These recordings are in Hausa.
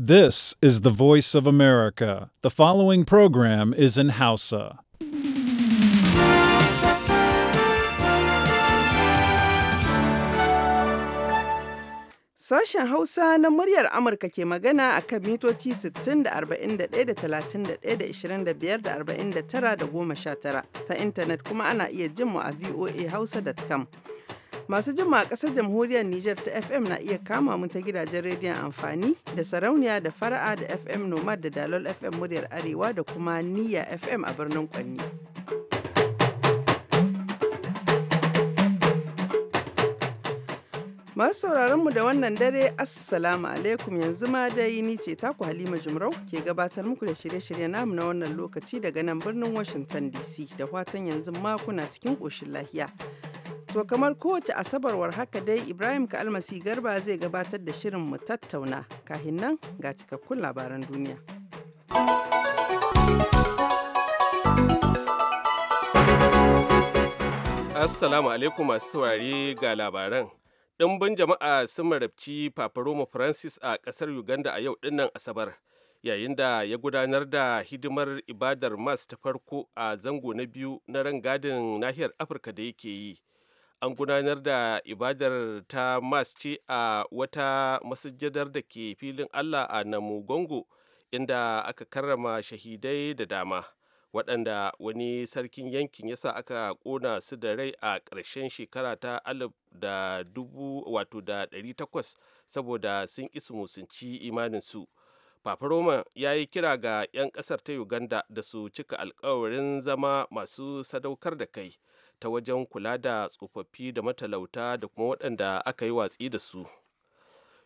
This is the voice of America. The following program is in Hausa. Sashen Hausa na muryar Amurka ke magana a kan mitoci 60 da 41 da 31 da 25 da 49 da 19 ta intanet kuma ana iya jin mu a voahausa.com. Masu jima a ƙasar jamhuriyar Nijar ta FM na iya kama mu ta gidajen rediyon amfani da sarauniya da fara'a da FM Nomad da Dalol FM muryar Arewa da kuma Niyya FM a birnin Kwanni. Masu sauraron mu da wannan dare Assalamu alaikum yanzu ma dai ni ce taku Halima Jumrau ke gabatar muku da shirye-shirye namu na wannan lokaci daga nan birnin Washington DC da fatan yanzu makuna cikin koshin lahiya. To kamar kowace asabarwar haka dai Ibrahim Kalmasi Garba zai gabatar da shirin mu tattauna kahin nan ga cikakkun labaran duniya. Assalamu alaikum masu saurare ga labaran. Dimbin jama'a sun marabci Paparoma Francis a ƙasar Uganda a yau dinnan Asabar. yayin da ya gudanar da hidimar ibadar mas ta farko a zango na biyu na rangadin nahiyar afirka da yake yi an gudanar da ibadar ta mas ce a wata masujadar da ke filin allah a namugongo inda aka karrama shahidai da dama waɗanda wani sarkin yankin sa aka ƙona su da rai a ƙarshen shekara ta alif da dubu wato da ɗari takwas saboda sun isu musunci imaninsu Papa ya yi kira ga 'yan ƙasar ta Uganda da su cika alkawarin zama masu sadaukar da kai ta wajen kula da tsofaffi da matalauta da kuma waɗanda aka yi watsi da su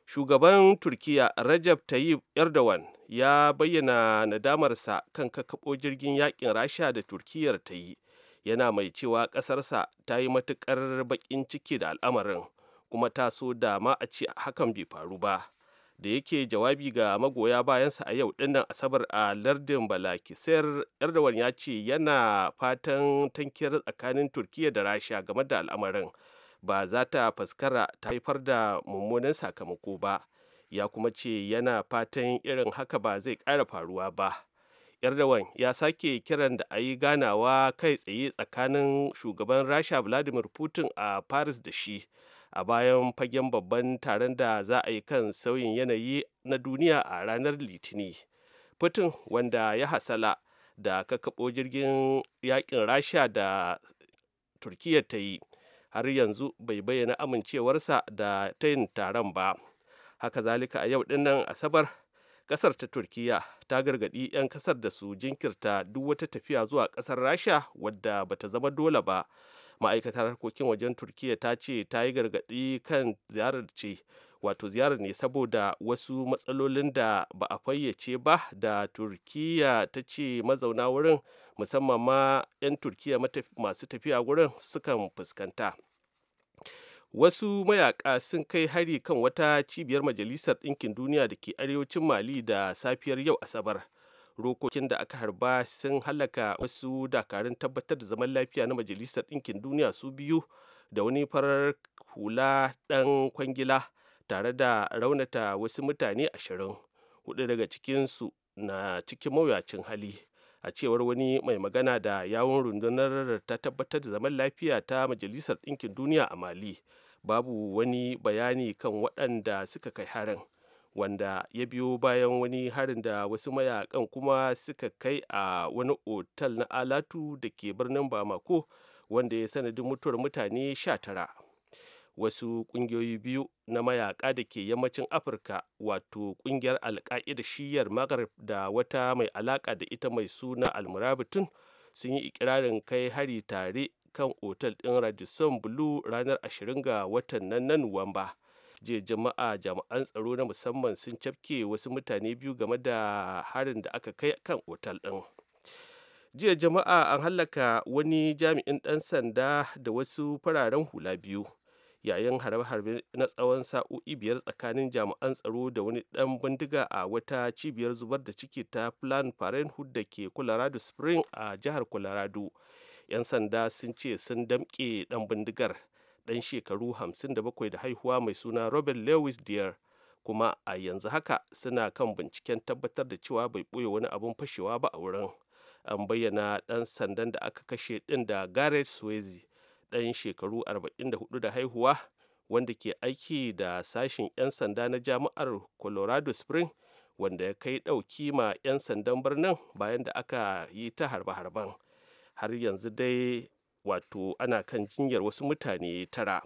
shugaban turkiya rajab tayyip erdogan ya bayyana nadamarsa kan kakkaɓo jirgin yakin rasha da turkiyar ta yi yana mai cewa ƙasarsa ta yi matuƙar baƙin ciki da al'amarin kuma ta so da ma a ce hakan bai faru ba da yake jawabi ga magoya bayansa a yau dinnan asabar a lardin balakisar erdogan ya ce yana fatan tankiyar tsakanin turkiya da rasha game da al'amarin ba za ta faskara ta haifar da mummunan sakamako ba ya kuma ce yana fatan irin haka ba zai ƙara faruwa ba erdogan ya sake kiran da a yi ganawa kai tsaye tsakanin shugaban rasha vladimir putin a paris da shi a bayan fagen babban taron da za a yi kan sauyin yanayi na duniya a ranar litini putin wanda ya hasala da kakaɓo jirgin yakin rasha da turkiyya ta yi har yanzu bai bayyana amincewarsa da ta yin taron ba haka zalika a yau dinnan asabar kasar ta turkiya ta gargadi 'yan kasar da su jinkirta duk wata tafiya zuwa kasar rasha wadda bata zama dole ba ma'aikatar harkokin wajen turkiya ta ce ta yi gargaɗi kan ziyarar ce wato ziyarar ne saboda wasu matsalolin da ba a fayyace ba da turkiya ta ce mazauna wurin musamman ma 'yan turkiya masu tafiya wurin sukan fuskanta wasu mayaka sun kai hari kan wata cibiyar majalisar ɗinkin duniya da ke arewacin mali da safiyar yau asabar rokokin da aka harba sun halaka wasu dakarun tabbatar da zaman lafiya na majalisar ɗinkin duniya su biyu da wani farar hula ɗan kwangila tare da raunata wasu mutane ashirin hudu daga cikinsu na cikin mawuyacin hali a cewar wani mai magana da yawon rundunar ta tabbatar da zaman lafiya ta majalisar ɗinkin duniya a mali babu wani bayani kan waɗanda suka kai harin wanda ya biyo bayan wani harin da wasu mayakan kuma suka kai a wani otal na alatu da ke birnin bamako wanda ya sanadin mutuwar mutane sha tara, wasu kungiyoyi biyu na mayaka da ke yammacin afirka wato kungiyar alka'ida shiyar maghrib da wata mai alaka da ita mai suna almurabitun sun yi ikirarin kai hari tare kan otal ɗin radisson blue ranar 20 ga watan nan na nuwamba jiya jama'a jami'an tsaro na musamman sun cafke wasu mutane biyu game da harin da aka kai kan otal ɗin jiya jama'a an hallaka wani jami'in ɗan sanda da wasu fararen hula biyu yayin harbe-harbe na tsawon sa'o'i biyar tsakanin jami'an tsaro da wani ɗan bindiga a wata cibiyar zubar da ciki ta plan parenthood da ke colorado spring a jihar colorado 'yan sanda sun ce sun damƙe ɗan bindigar ɗan shekaru 57 da haihuwa mai suna robert lewis dear kuma a yanzu haka suna kan binciken tabbatar da cewa bai ɓoye wani abun fashewa ba a wurin an bayyana ɗan sandan da aka kashe ɗin da gareth swayze ɗan shekaru 44 da haihuwa wanda ke aiki da sashen 'yan sanda na jami'ar colorado spring wanda ya kai ɗauki ma 'yan sandan birnin bayan da aka yi ta harba-harban har yanzu dai wato ana kan jinyar wasu mutane tara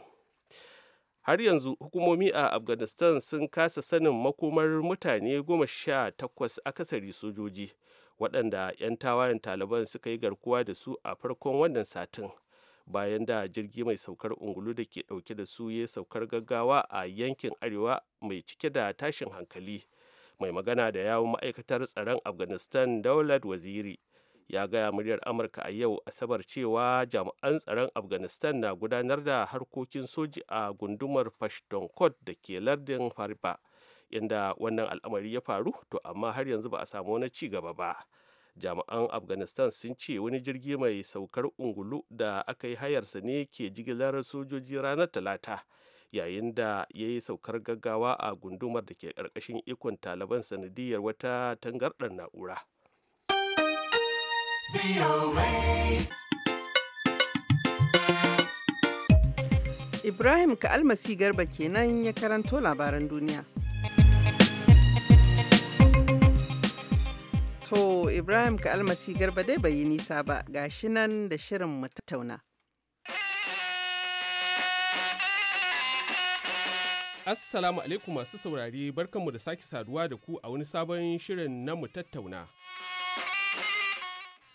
har yanzu hukumomi a afghanistan sun kasa sanin makomar mutane goma sha takwas akasari sojoji waɗanda 'yan tawayen taliban suka yi garkuwa da su a farkon wannan satin bayan da jirgi mai saukar ungulu da ke ɗauke da su ya saukar gaggawa a yankin arewa mai cike da tashin hankali mai magana da yawon ma'aikatar tsaron afghanistan daulat waziri ya gaya muryar amurka a yau asabar cewa jami'an tsaron afghanistan na gudanar da harkokin soji a gundumar pashtonkot da ke lardin fariba inda wannan al'amari ya faru to amma har yanzu ba a samu wani ci gaba ba jami'an afghanistan sun ce wani jirgi mai saukar ungulu da aka yi hayarsa ne ke jigilar sojoji ranar talata yayin da ya yi saukar gaggawa a gundumar da ke ƙarƙashin ikon taliban sanadiyar wata tangardar na'ura Ibrahim Ka'almasi Garba kenan ya karanto labaran duniya. To Ibrahim Ka'almasi Garba dai bai yi nisa ba gashi nan da shirin mu tattauna. Assalamu alaikum masu saurari barkanmu da sake saduwa da ku a wani sabon shirin na mu tattauna.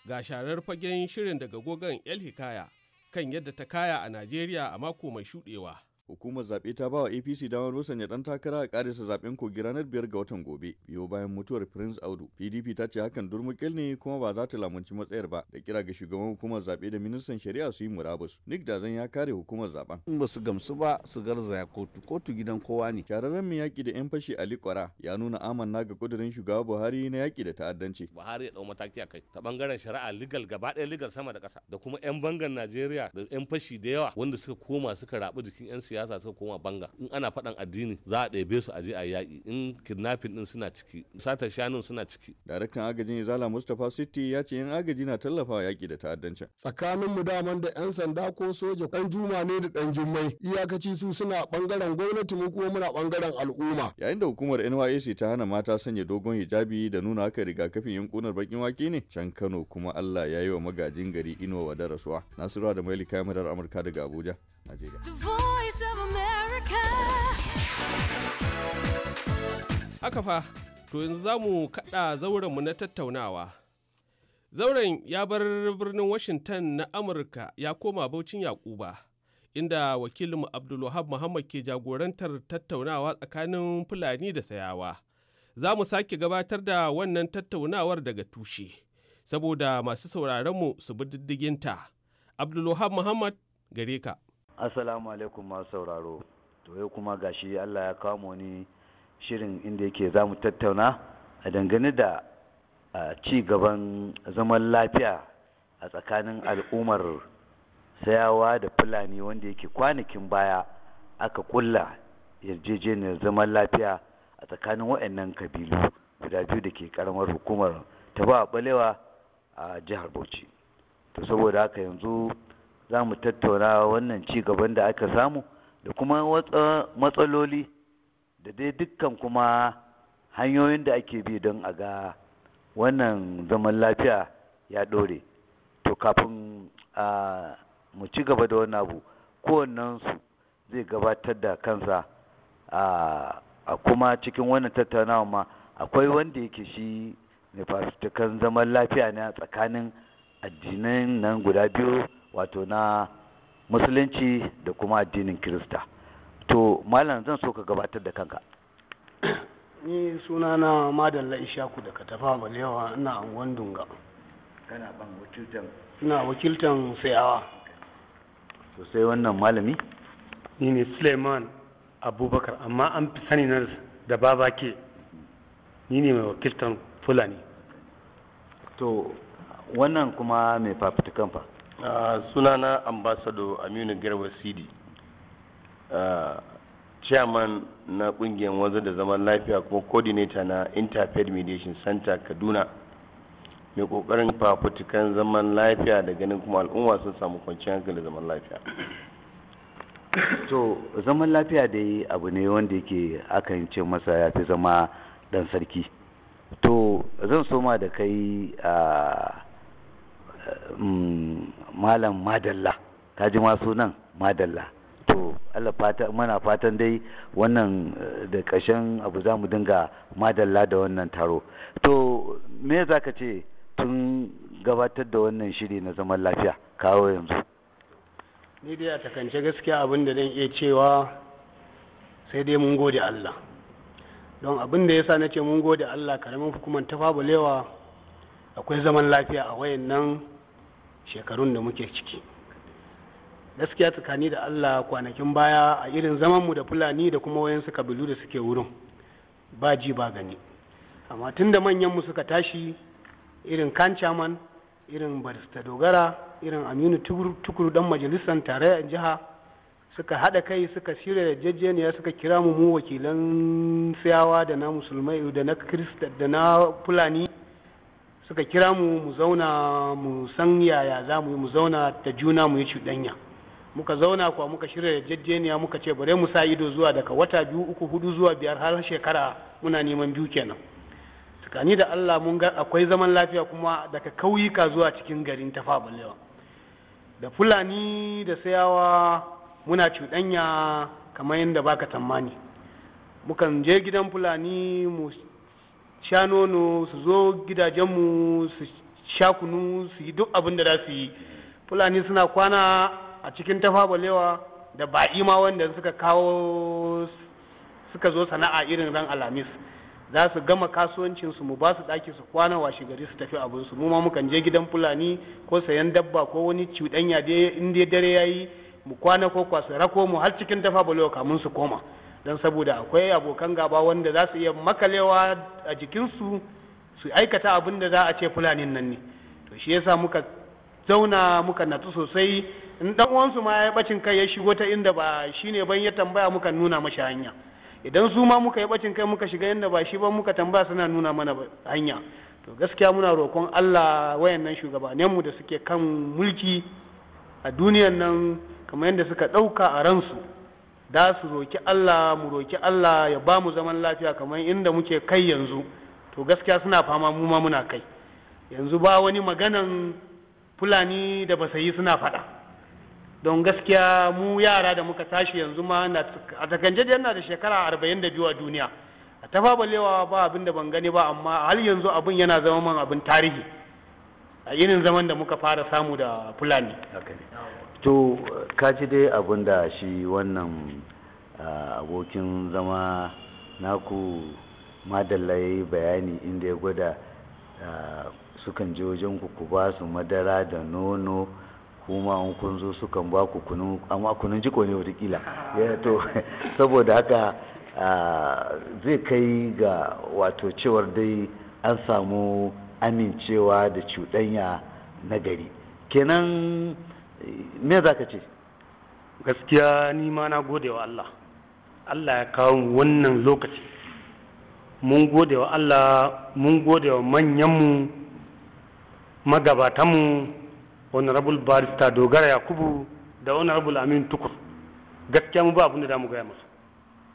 ga sharar fagen shirin daga gogon El Hikaya kan yadda ta kaya a Najeriya a mako mai shuɗewa. hukumar zaɓe ta ba wa apc damar musanya ɗan takara a ƙarisa zaɓen kogi ranar biyar ga watan gobe biyo bayan mutuwar prince audu pdp ta ce hakan durmukil ne kuma ba za ta lamunci matsayar ba da kira ga shugaban hukumar zaɓe da ministan shari'a su yi murabus nick dazan ya kare hukumar zaɓen. in ba su gamsu ba su garzaya kotu kotu gidan kowa ne. shararren mai yaƙi da 'yan fashi ali kwara ya nuna amanna ga ƙudurin shugaba buhari na yaƙi da ta'addanci. buhari ya ɗau mataki a kai ta ɓangaren shari'a legal gaba ɗaya legal sama da ƙasa da kuma 'yan bangan najeriya da 'yan fashi da yawa wanda suka koma suka rabu jikin 'yan siyasa siyasa suka koma banga in ana faɗan addini za a ɗebe su aje a yaƙi in kidnapping din suna ciki sata shanun suna ciki daraktan agajin izala mustapha city ya ce yan agaji na tallafa yaƙi da ta'addanci tsakanin mu daman da yan sanda ko soja dan juma ne da dan jummai iyakaci su suna bangaren gwamnati mu kuma muna bangaren al'umma yayin da hukumar NYSC ta hana mata sanya dogon hijabi da nuna haka rigakafin yankunar bakin wake ne can Kano kuma Allah ya yi wa magajin gari inuwa da rasuwa Nasiru da Maili kamarar Amurka daga Abuja Najeriya voice Haka fa, to yanzu za mu kaɗa mu na tattaunawa. Zauren ya bar birnin Washington na Amurka ya koma Baucin Yakuba, inda wakilinmu Abdulwahab Muhammad ke jagorantar tattaunawa tsakanin Fulani da Sayawa. Za mu sake gabatar da wannan tattaunawar daga tushe, saboda masu sauraronmu su bi diddiginta. Abdulwahab Muhammad gare ka. assalamu alaikum masu sauraro to yau kuma gashi allah ya kawo ni shirin inda yake za mu tattauna a dangane da ci gaban zaman lafiya a tsakanin al'ummar sayawa da fulani wanda yake kwanakin baya aka kulla yarjejeniyar zaman lafiya a tsakanin waɗannan kabilu guda biyu da ke karamar hukumar ta ba balewa a jihar bauchi to saboda haka yanzu za mu tattauna wannan ci gaban da aka samu da kuma matsaloli da dai dukkan kuma hanyoyin da ake bi don a ga wannan zaman lafiya ya ɗore to kafin mu ci gaba da wani abu kowannensu zai gabatar da kansa a kuma cikin wannan tattaunawa ma akwai wanda yake shi mai fafutukan zaman lafiya na tsakanin addinan nan guda biyu wato na musulunci da kuma addinin kirista to malam zan so ka gabatar da kanka ni sunana madalla ishaku da katafa balewa ina angon dunga kana ban wakiltan ina wakiltan sayawa sosai wannan malami ni ne suleiman abubakar amma an fi sani na da baba ke ni ne mai wakiltan fulani to wannan kuma mai fafutukan fa Uh, sunana ambassador aminu garba sidi uh, chairman na kungiyar wanzu da zaman lafiya kuma coordinator na interfaith mediation center kaduna mai kokarin fafutukan zaman lafiya da ganin kuma al'umma sun samu kwanciyar hankali da zaman lafiya to zaman lafiya dai abu ne wanda yake akan ce masa ya fi zama dan sarki to zan soma da kai a uh, mm, malam madalla ka ji ma sunan madalla to Allah fata mana fatan dai wannan eh, da ƙarshen abu za mu dinga madalla da wannan taro to me za ka ce tun gabatar da wannan shiri na zaman lafiya kawo yanzu ni dai a takance gaskiya abin da zan iya cewa sai dai mun gode Allah don abin da yasa na ce mun gode Allah karamin hukumar ta fabulewa akwai zaman lafiya a wayannan nan shekarun da muke ciki gaskiya tsakani da allah kwanakin baya a irin zaman mu da fulani da kuma wayansu kabilu da suke wurin ba ji ba gani amma tun da manyanmu suka tashi irin kancaman irin barista dogara irin aminu tukuru dan majalisar tarayyar jiha suka haɗa kai suka shirya da jajjeniya suka kira mu mu wakilan siyawa da na musulmai da na kirista da na fulani suka kira mu mu zauna mu san yaya za mu yi mu zauna ta juna mu yi cuɗanya muka zauna kuwa muka shirya yarjejeniya muka ce bare mu sa ido zuwa daga wata biyu uku hudu zuwa biyar har shekara muna neman biyu kenan tsakani da Allah mun ga akwai zaman lafiya kuma daga kauyuka zuwa cikin garin ta balewa da fulani da sayawa muna cuɗanya kamar yadda baka tsammani mukan je gidan fulani mu sha nono su zo gidajenmu su sha kunu su yi duk abin da za su yi fulani suna kwana a cikin tafa da ba'i ma wanda suka kawo suka zo sana'a irin ran alhamis za su gama kasuwancinsu mu ba su ɗaki su kwana washe gari su tafi abinsu mu ma mukan je gidan fulani ko sayan dabba ko wani cuɗanya dai in dai dare yayi mu kwana ko kwasa rako mu har cikin tafa balewa kamun su koma don saboda akwai abokan gaba wanda za su iya makalewa a jikinsu su aikata abin da za a ce fulanin nan ne to shi yasa muka zauna muka natu sosai in dan uwansu ma ya bacin kai ya shigo ta inda ba shi ne ban ya tambaya muka nuna mashi hanya idan su ma muka yi bacin kai muka shiga inda ba shi ba muka tambaya suna nuna mana hanya to gaskiya muna roƙon Allah wayannan shugabanninmu da suke kan mulki a duniyan nan kamar yadda suka ɗauka a ransu da su roki Allah mu roki Allah ya ba mu zaman lafiya kamar inda muke kai yanzu to gaskiya suna fama mu ma muna kai yanzu ba wani maganan fulani da ba yi suna faɗa don gaskiya mu yara da muka tashi yanzu ma a takanje da yana da shekara arba'in da biyu a duniya a tafa balewa ba abin da ban gani ba amma har yanzu abin yana zama man abin tarihi a irin zaman da muka fara samu da fulani to ji dai abin da shi wannan abokin zama naku madallai bayani inda ya gwada sukan ji wajen ku ba su madara da nono kuma an kun zo sukan ba ku kunu amma kunun jiko ne watakila to saboda haka zai kai ga wato cewar dai an samu amincewa da cuɗanya na gari kenan me za ka ce gaskiya ni ma na gode wa Allah Allah ya kawo wannan lokaci mun gode wa Allah mun gode wa manyanmu magabatanmu honorable barista dogara yakubu da honorable amin tukur gaskiya mu ba abin da mu gaya masu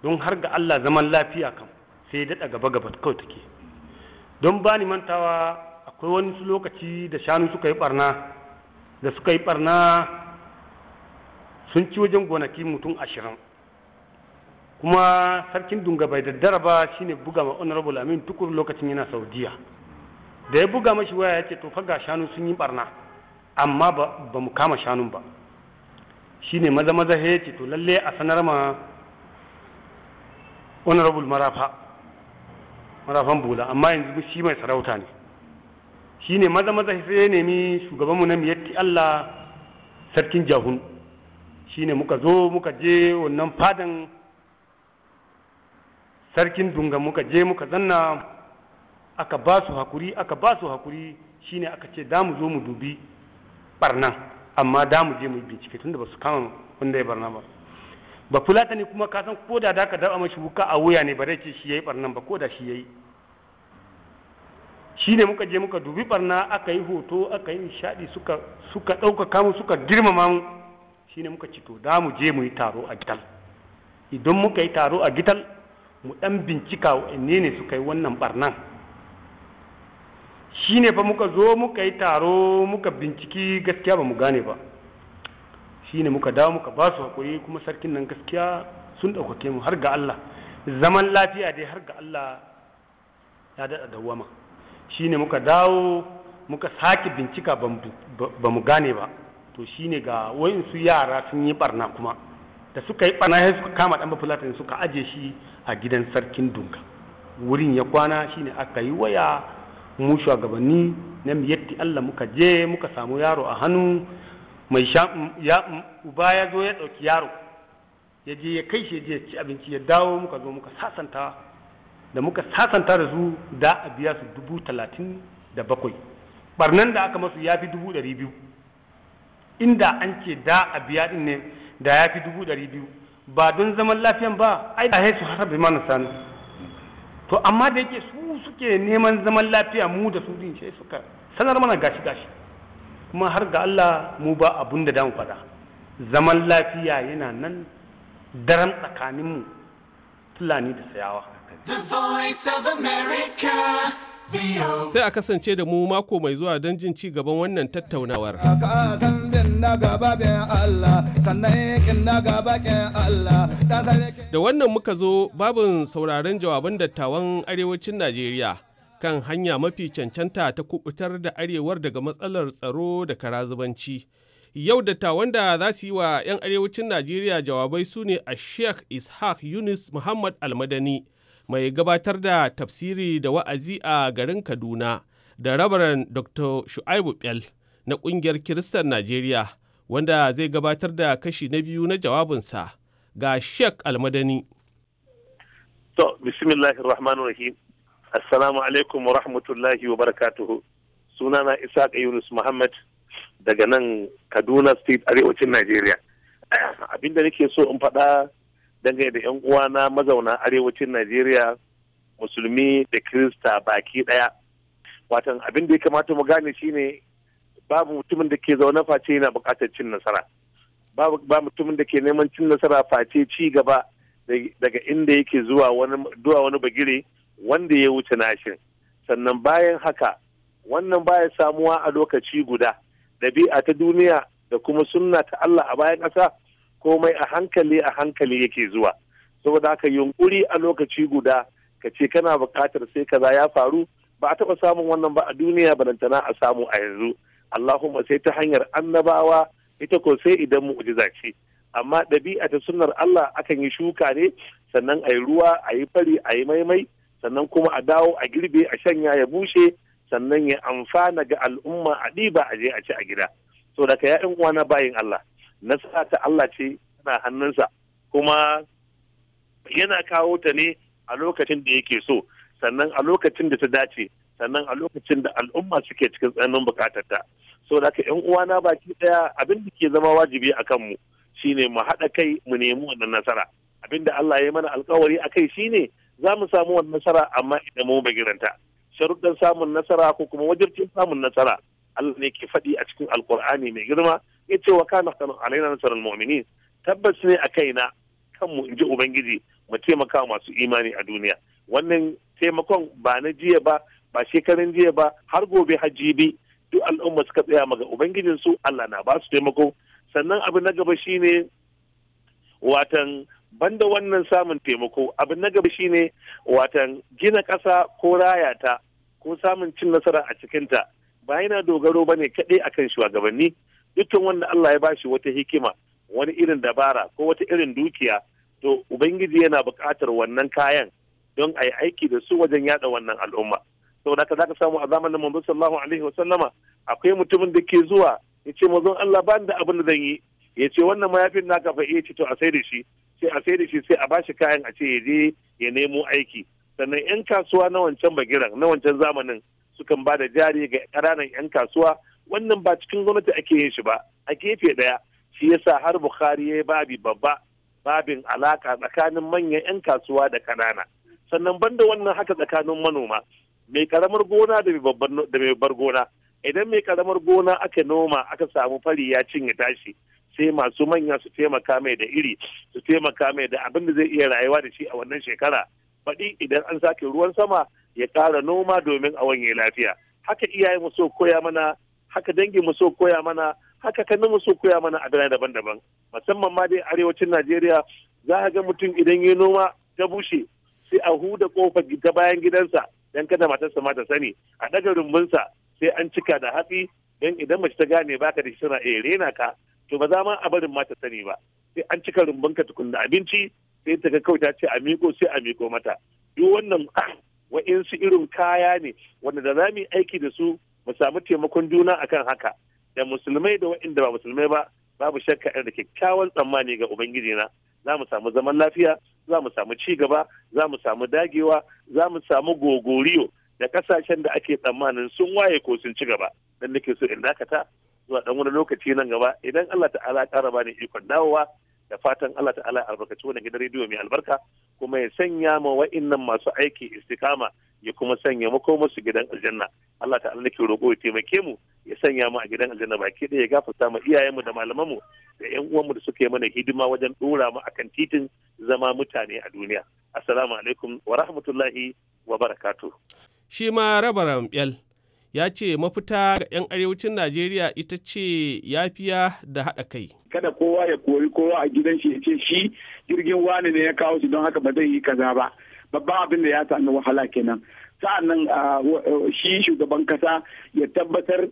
don har ga Allah zaman lafiya kam sai daɗa gaba gaba kawai take don ba ni mantawa akwai wani lokaci da shanu suka yi barna da suka yi barna sun ci wajen gonaki mutum ashirin kuma sarkin dunga bai daddara ba ne buga ma honorable amin tukur lokacin yana saudiya da ya buga mashi waya ya ce to faga shanu sun yi barna amma ba mu kama shanun ba shi maza maza ya ce to lalle a sanar ma honorable marafa marafan bula amma yanzu shi mai sarauta ne shine maza maza sai ya nemi shugabanmu na miyatti Allah sarkin jahun shine muka zo muka je wannan fadan sarkin dunga muka je muka zanna aka ba su hakuri aka ba su hakuri shine aka ce da mu zo mu dubi barnan amma da mu je mu bincike tunda ba su kama wanda ya barna ba ba fulata ne kuma ka san ko da da ka daba mashi wuka a wuya ne ba zai ce shi yayi barnan ba ko da shi yayi Shi ne muka je muka dubi barna aka yi hoto aka yi nishadi suka suka ɗaukaka mu suka girmama mu ne muka cito da mu je mu yi taro a gital idan muka yi taro a gital mu ɗan bincika wa'anne ne suka yi wannan barnan ne fa muka zo muka yi taro muka binciki gaskiya ba mu gane ba Shi ne muka dawo muka ba su haƙuri kuma sarkin nan gaskiya sun ɗaukake mu har ga Allah zaman lafiya dai har ga Allah ya daɗa dawwama. shine muka dawo muka sake bincika ba mu gane ba to shine ga wayansu yara sun yi barna kuma da suka yi barna ya suka kama dan bafulatin suka aje shi a gidan sarkin dunga wurin ya kwana shine aka yi waya mu shugabanni na miyatti Allah muka je muka samu yaro a hannu mai sha ya uba ya zo ya dauki yaro ya je ya kai shi ya ci abinci ya dawo muka zo muka sasanta da muka sasanta da su da a biya su dubu talatin da bakwai barnan da aka masu ya fi dubu ɗari biyu inda an ce da a biya ɗin ne da ya fi dubu ɗari biyu ba don zaman lafiyan ba ai da su harbe mana sani to amma da yake su suke neman zaman lafiya mu da su din sai suka sanar mana gashi gashi kuma har ga Allah mu ba abun da dan faɗa zaman lafiya yana nan daren tsakaninmu fulani da sayawa Sai a kasance da mu mako mai zuwa don jin ci gaban wannan tattaunawar. Da wannan muka zo babin sauraron jawaban dattawan arewacin Najeriya kan hanya mafi cancanta ta kubutar da arewar daga matsalar tsaro da karazubanci. Yau dattawan da za su yi wa 'yan arewacin Najeriya jawabai su ne a Sheikh Ishaq Yunus Muhammad Almadani. mai gabatar da tafsiri da wa'azi a garin Kaduna da rabaran Dr. Shu'aibu Bel na ƙungiyar Kiristan Najeriya wanda zai gabatar da kashi na biyu na jawabinsa ga Sheikh Almadani. To, bismillahir rahim. Assalamu alaikum wa rahmatullahi wa barakatuhu. Sunana Isaac Yunus Muhammad daga nan Kaduna State arewacin Najeriya. Abinda nake so in faɗa dangane da yan na mazauna arewacin najeriya musulmi da kirista baki daya watan abin da ya kamata mu gane shine babu mutumin da ke zaune face yana bukatar cin nasara babu ba mutumin da ke neman cin nasara face ci gaba daga inda yake zuwa wani zuwa wani bagire wanda ya wuce nashin sannan bayan haka wannan baya samuwa a lokaci guda ɗabi'a ta duniya da kuma sunna ta Allah a bayan ƙasa komai a hankali a hankali yake zuwa saboda haka yunkuri a lokaci guda ka ce kana buƙatar sai kaza ya faru ba a taɓa samun wannan ba a duniya balantana a samu a yanzu Allahumma sai ta hanyar annabawa ita ko sai idan mu'jiza ce amma ɗabi'a ta sunnar Allah akan yi shuka ne sannan a yi ruwa a yi fari a yi maimai sannan kuma a dawo a girbe a shanya ya bushe sannan ya amfana ga al'umma a ɗiba a je a ci a gida so daga ya'yan uwa na bayin Allah nasara ta Allah ce tana hannunsa kuma yana kawo ta ne a lokacin da yake so sannan a lokacin da ta dace sannan a lokacin da al'umma suke cikin tsananin ta so da yan uwana baki daya abin da ke zama wajibi a kanmu shine mu haɗa kai mu nemi wannan nasara abin da Allah ya mana alkawari a kai shine za mu samu wannan nasara amma idan mu bagiranta sharuɗan samun nasara ko kuma wajibcin samun nasara Allah ne ke faɗi a cikin alkur'ani mai girma ya ce wa kana alaina nasarar mu'minin tabbas ne a kaina kanmu in ji ubangiji mu taimaka masu imani a duniya wannan taimakon ba na jiya ba ba shekarun jiya ba har gobe hajji bi duk al'umma suka tsaya maga ubangijin su Allah na ba su taimako sannan abu na gaba shine watan banda wannan samun taimako abu na gaba shine watan gina ƙasa ko raya ta ko samun cin nasara a cikinta ba yana dogaro ba ne kaɗai akan shugabanni dukkan wanda Allah ya bashi wata hikima wani irin dabara ko wata irin dukiya to ubangiji yana buƙatar wannan kayan don a yi aiki da su wajen yada wannan al'umma saboda haka zaka samu a zamanin manzo sallallahu alaihi wa sallama akwai mutumin da ke zuwa ya ce mazon Allah ba da abin da zan yi ya ce wannan mayafin naka fa iya eh, ce to a sai da shi sai a sai da shi sai a bashi kayan a ce ya je ya nemo aiki sannan yan kasuwa na wancan bagiran na wancan zamanin sukan ba da jari ga ƙananan yan kasuwa wannan ba cikin gwamnati ake yin shi ba a gefe ɗaya shi yasa har bukhari ya yi babi babba babin alaka tsakanin manyan 'yan kasuwa da kanana sannan banda wannan haka tsakanin manoma mai karamar gona da mai babbar gona idan mai karamar gona aka noma aka samu fari ya cinye tashi sai masu manya su taimaka mai da iri su taimaka mai da abin da zai iya rayuwa da shi a wannan shekara faɗi idan an sake ruwan sama ya ƙara noma domin a wanye lafiya haka iyayen mu so koya mana haka dangin mu so koya mana haka kanin mu so koya mana a birane daban-daban musamman ma dai arewacin Najeriya za a ga mutum idan ya noma ta bushe sai a huda kofar ta bayan gidansa dan kada matarsa ma ta sani a daga rumbunsa sai an cika da hatsi dan idan mace ta gane baka da shi tana iya rena ka to ba za ma a barin ma ta sani ba sai an cika rumbunka tukunna abinci sai ta ga kawai ta ce a miko sai a miko mata duk wannan wa'insu irin kaya ne wanda da za mu yi aiki da su mu samu taimakon juna akan haka da musulmai da waɗanda ba musulmai ba babu shakka da kyakkyawan tsammani ga ubangiji na za mu samu zaman lafiya za mu samu ci gaba za mu samu dagewa za mu samu gogoriyo da kasashen da ake tsammanin sun waye ko sun ci gaba dan nake so in dakata zuwa dan wani lokaci nan gaba idan Allah ta'ala ya kara bani ikon dawowa da fatan Allah ta'ala albarkaci wannan gidan rediyo mai albarka kuma ya sanya ma wa'annan masu aiki istikama ya kuma sanya mu koma musu gidan aljanna Allah ta'ala nake roƙo ya taimake mu ya sanya mu a gidan aljanna baki ɗaya ya gafarta mu iyayenmu da malamanmu da ƴan uwanmu da suke mana hidima wajen dora mu akan titin zama mutane a duniya assalamu alaikum wa rahmatullahi wa barakatuh shi ma rabaram yal ya ce mafita ga 'yan arewacin najeriya ita ce yafiya da haɗa kai kada kowa ya kori kowa a gidan shi ya ce shi jirgin wani ne ya kawo shi don haka ba zai yi kaza ba babban abin da ya sami wahala kenan sa'annan ah, shi shugaban kasa ya tabbatar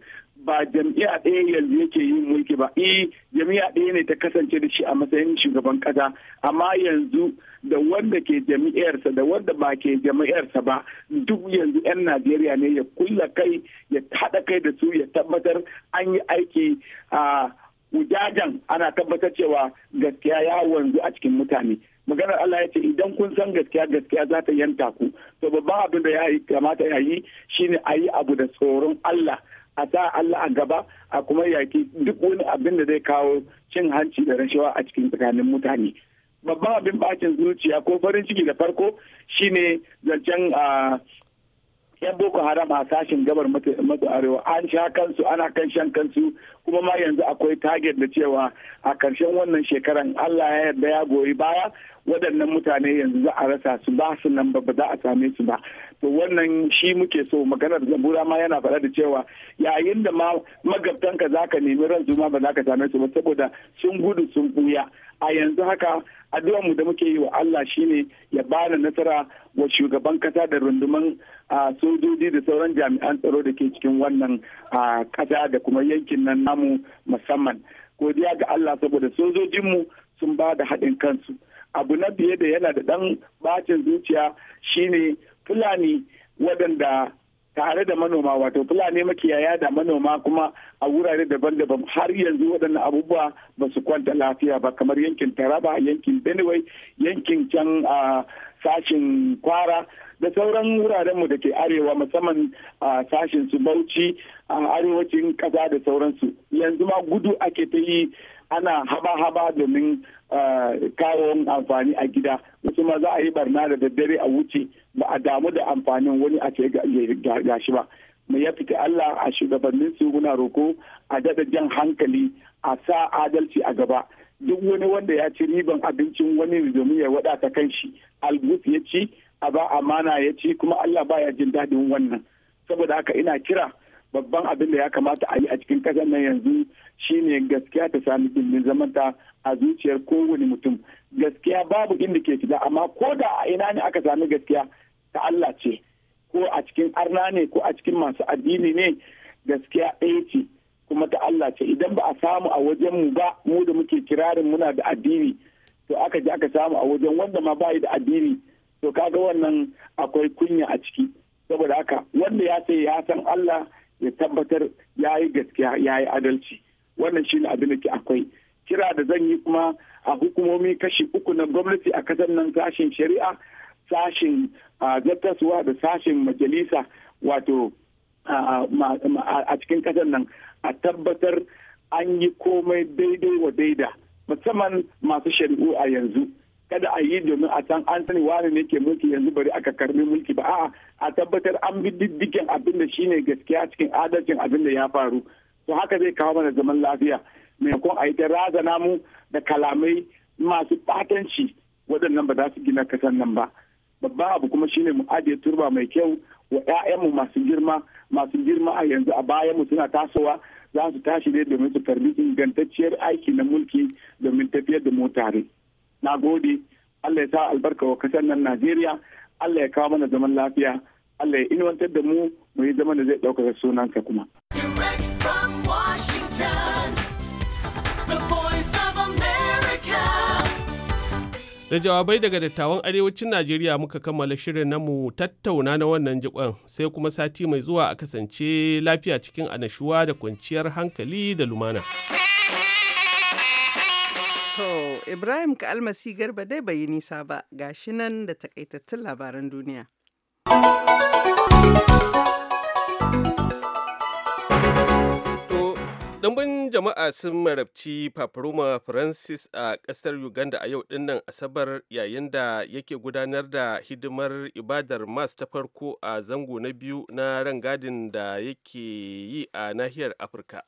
ba jami'a ɗaya yanzu yake yin mulki ba eh jami'a ɗaya ne ta kasance da shi a matsayin shugaban ƙasa amma yanzu da wanda ke jam'iyyarsa da wanda ba ke jam'iyyarsa ba duk yanzu 'yan najeriya ne ya kulla kai ya haɗa kai da su ya tabbatar an yi aiki a wujajen ana tabbatar cewa gaskiya ya wanzu a cikin mutane maganar Allah ya ce idan kun san gaskiya gaskiya za ta yanta ku to babban abin da ya kamata ya yi shine a yi abu da tsoron Allah a da Allah a gaba a kuma yaki duk wani abin da zai kawo cin hanci da rashawa a cikin tsakanin mutane babban abin bacin zuciya ko farin ciki da farko shine zancen ah, yan boko haram a sashen gabar masu arewa an sha kansu ana kan shan kansu kuma ma yanzu akwai target da cewa a karshen wannan shekaran allah ya yarda ya goyi baya waɗannan mutane yanzu za a rasa su ba su nan ba za a same su ba to wannan shi muke so maganar zabura ma yana faɗa da cewa yayin da ma magabtanka za ka nemi ran ma ba za ka same su ba saboda sun gudu sun buya a yanzu haka mu da muke yi wa Allah shine ya bada nasara wa shugaban kasa da runduman sojoji da sauran jami'an tsaro da ke cikin wannan kasa da kuma yankin nan namu musamman godiya ga Allah saboda sojojinmu sun ba da haɗin kansu abu na biye da yana da ɗan bacin zuciya shine fulani waɗanda tare da manoma wato fulani makiyaya da manoma kuma a wurare daban-daban har yanzu waɗannan abubuwa ba su kwanta lafiya ba kamar yankin taraba yankin benue yankin can a sashin kwara da sauran wurarenmu da ke arewa musamman a sashen su bauchi a arewacin kasa da sauransu yanzu ma gudu ake ta yi ana haba-haba domin kawo amfani a gida wasu ma za a yi barna da daddare a wuce ba a damu da amfanin wani a ce gashi ba mu ya fita Allah a shugabannin su guna roko a dada jan hankali a sa adalci a gaba duk wani wanda ya ci riban abincin wani domin ya wada ta kan shi albus ya ci a ba amana ya ci kuma Allah baya jin daɗin wannan saboda haka ina kira babban abin da ya kamata a yi a cikin ƙasar nan yanzu shine gaskiya ta sami gindin zamanta a zuciyar kowane mutum gaskiya babu inda ke fita amma ko da a ina ne aka sami gaskiya ta Allah ce ko a cikin arna ne ko a cikin masu addini ne gaskiya ɗaya ce kuma ta Allah ce idan ba a samu a wajen mu ba mu da muke kirarin muna da addini to aka je aka samu a wajen wanda ma bayi da addini to kaga wannan akwai kunya a ciki saboda haka wanda ya sai ya san Allah ya tabbatar ya yi gaskiya ya yi adalci wannan shine abin da ke akwai kira da zan yi kuma a hukumomi kashi uku na gwamnati a kasar nan sashen shari'a sashen zartaswa da sashen majalisa wato a cikin kasar nan a tabbatar an yi komai daidai wa daida musamman masu shari'u a yanzu kada a yi domin a san an sani wani ne ke mulki yanzu bari aka karbi mulki ba a'a a tabbatar an bi diddigen abin da shine gaskiya cikin adalcin abin da ya faru to haka zai kawo mana zaman lafiya maimakon a yi ta razana mu da kalamai masu batanci waɗannan ba za su gina kasan nan ba babban abu kuma shine mu ajiye turba mai kyau wa 'ya'yanmu masu girma masu girma a yanzu a bayan mu suna tasowa za su tashi ne domin su karbi ingantacciyar aiki na mulki domin tafiyar da mu tare. na gode Allah ya sa albarka wa kasar nan Najeriya Allah ya kawo mana zaman lafiya Allah ya inuwantar da mu mu yi zaman da zai ɗaukaka sunanka kuma. Da jawabai daga dattawan arewacin Najeriya muka kammala shirin namu tattauna na wannan jikon sai kuma sati mai zuwa a kasance lafiya cikin anashuwa da kwanciyar hankali da lumana. Ibrahim ka almasi garba dai bai yi nisa ba gashi nan da takaitattun labaran duniya. ɗumbin jama'a sun marabci Paparoma Francis a ƙasar Uganda a yau dinnan Asabar yayin da yake gudanar da hidimar ibadar mas ta farko a zango na biyu na rangadin da yake yi a nahiyar Afirka.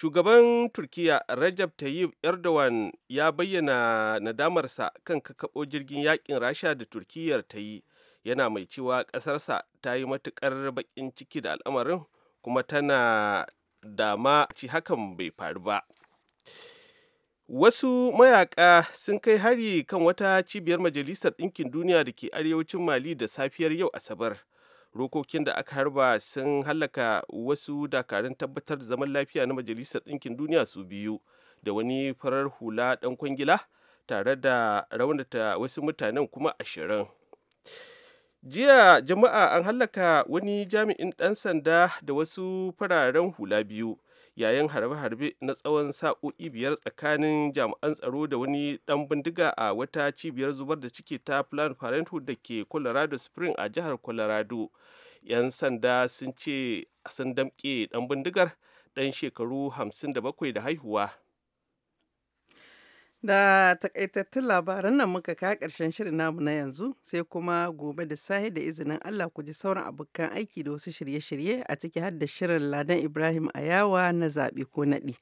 shugaban turkiyya rajab tayyip erdogan ya bayyana nadamarsa kan kakaɓo jirgin yakin rasha da turkiyar ta yi yana mai cewa ƙasarsa ta yi matuƙar baƙin ciki da al'amarin kuma tana dama ci hakan bai faru ba wasu mayaka sun kai hari kan wata cibiyar majalisar ɗinkin duniya da ke arewacin mali da safiyar yau asabar rokokin da aka harba sun hallaka wasu dakarun tabbatar da zaman lafiya na majalisar ɗinkin duniya su biyu da wani farar hula ɗan kwangila tare da raunata wasu mutanen kuma ashirin jiya jama'a an hallaka wani jami'in ɗan sanda da wasu fararen hula biyu yayin harbe-harbe na tsawon sa'o'i biyar tsakanin jami'an tsaro da wani dan bindiga a wata cibiyar zubar da ciki ta planned parenthood da ke colorado spring a jihar colorado 'yan sanda sun ce sun damƙe dan bindigar dan shekaru 57 da haihuwa Da takaitattun labaran nan muka ka ƙarshen shirin namu na yanzu sai kuma gobe da sahi da izinin Allah ku ji sauran abokan aiki da wasu shirye-shirye a ciki har shirin Ladan Ibrahim Ayawa na zaɓe ko naɗi.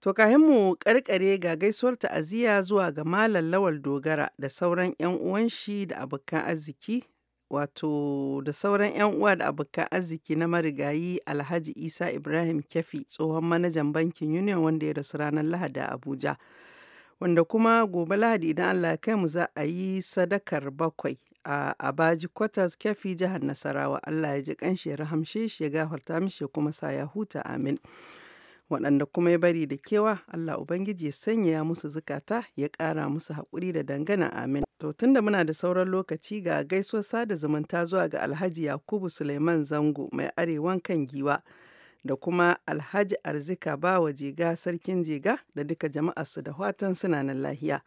To kahin mu ƙarƙare ga gaisuwar ta'aziyya zuwa ga Malam Lawal Dogara da sauran 'yan uwan shi da abokan arziki wato da sauran 'yan uwa da abokan arziki na marigayi Alhaji Isa Ibrahim Kefi tsohon manajan bankin Union wanda ya rasu ranar Lahadi a Abuja. wanda kuma gobe Lahadi idan Allah ya kai mu za a yi sadakar bakwai a Abaji Quarters Kefi jihar Nasarawa. Allah ya ji kanshi ya rahamshe shi ya gafarta mishi kuma sa ya huta amin. Waɗanda kuma ya bari da kewa Allah Ubangiji ya sanya musu zukata ya ƙara musu haƙuri da dangana amin. To tunda muna da sauran lokaci ga gaisuwar sada zumunta zuwa ga Alhaji Yakubu Suleiman Zango mai arewan kan giwa. da kuma Alhaji Arzika Bawa Jega Sarkin Jega da duka jama'arsu da watan suna nan lahiya.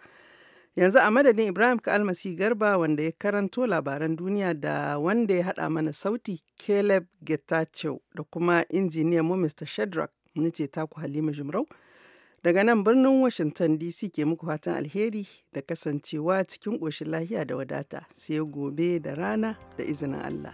Yanzu a madadin Ibrahim Kalmasi Garba wanda ya karanto labaran duniya da wanda ya hada mana sauti Caleb Getachew da kuma injiniyan mu Mr. Shadrack ni ce taku Halima Jumrau. Daga nan birnin Washington DC ke muku fatan alheri da kasancewa cikin koshin lahiya da wadata sai gobe da rana da izinin Allah.